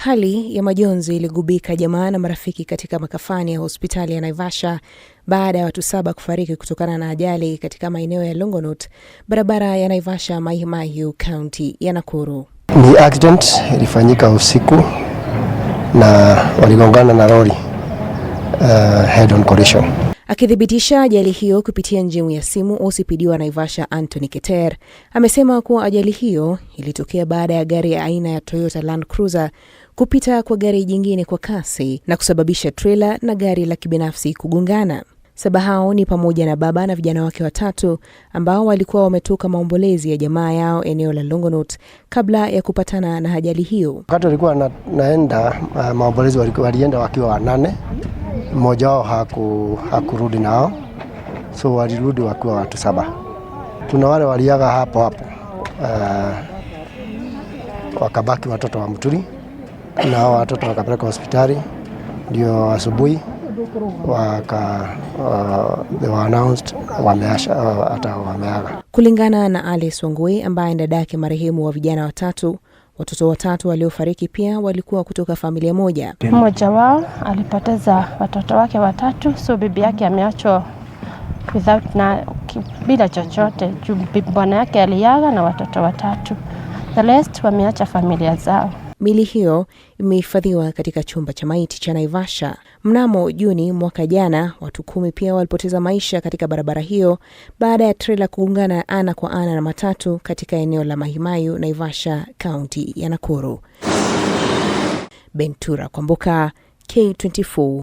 Hali ya majonzi iligubika jamaa na marafiki katika makafani ya hospitali ya Naivasha baada ya watu saba kufariki kutokana na ajali katika maeneo ya Longonot, barabara ya Naivasha Mai kaunti ya Nakuru. Ni accident ilifanyika usiku na waligongana na lori, uh, head on collision. Akithibitisha ajali hiyo kupitia njimu ya simu, OCPD wa Naivasha Anthony Keter amesema kuwa ajali hiyo ilitokea baada ya gari ya aina ya Toyota Land Cruiser kupita kwa gari jingine kwa kasi na kusababisha trela na gari la kibinafsi kugongana. Saba hao ni pamoja na baba na vijana wake watatu ambao walikuwa wametoka maombolezi ya jamaa yao eneo la Longonot kabla ya kupatana na ajali hiyo. Wakati walikuwa na, naenda uh, maombolezi walienda wakiwa wanane mmoja wao haku, hakurudi nao, so walirudi wakiwa watu saba. Kuna wale waliaga hapo hapo, uh, wakabaki watoto wa mturi na hao watoto wakapeleka hospitali, ndio asubuhi waka uh, they were announced wameasha uh, hata uh, wameaga. Kulingana na Alice Wangui ambaye dada yake marehemu wa vijana watatu Watoto watatu waliofariki pia walikuwa kutoka familia moja. Mmoja wao alipoteza watoto wake watatu, so bibi yake ameachwa without na bila chochote juu bwana yake aliaga na watoto watatu, the rest wameacha familia zao. Mili hiyo imehifadhiwa katika chumba cha maiti cha Naivasha. Mnamo Juni mwaka jana, watu kumi pia walipoteza maisha katika barabara hiyo baada ya trela kuungana ana kwa ana na matatu katika eneo la Mahimayu, Naivasha, kaunti ya Nakuru. Bentura Kwamboka, K24.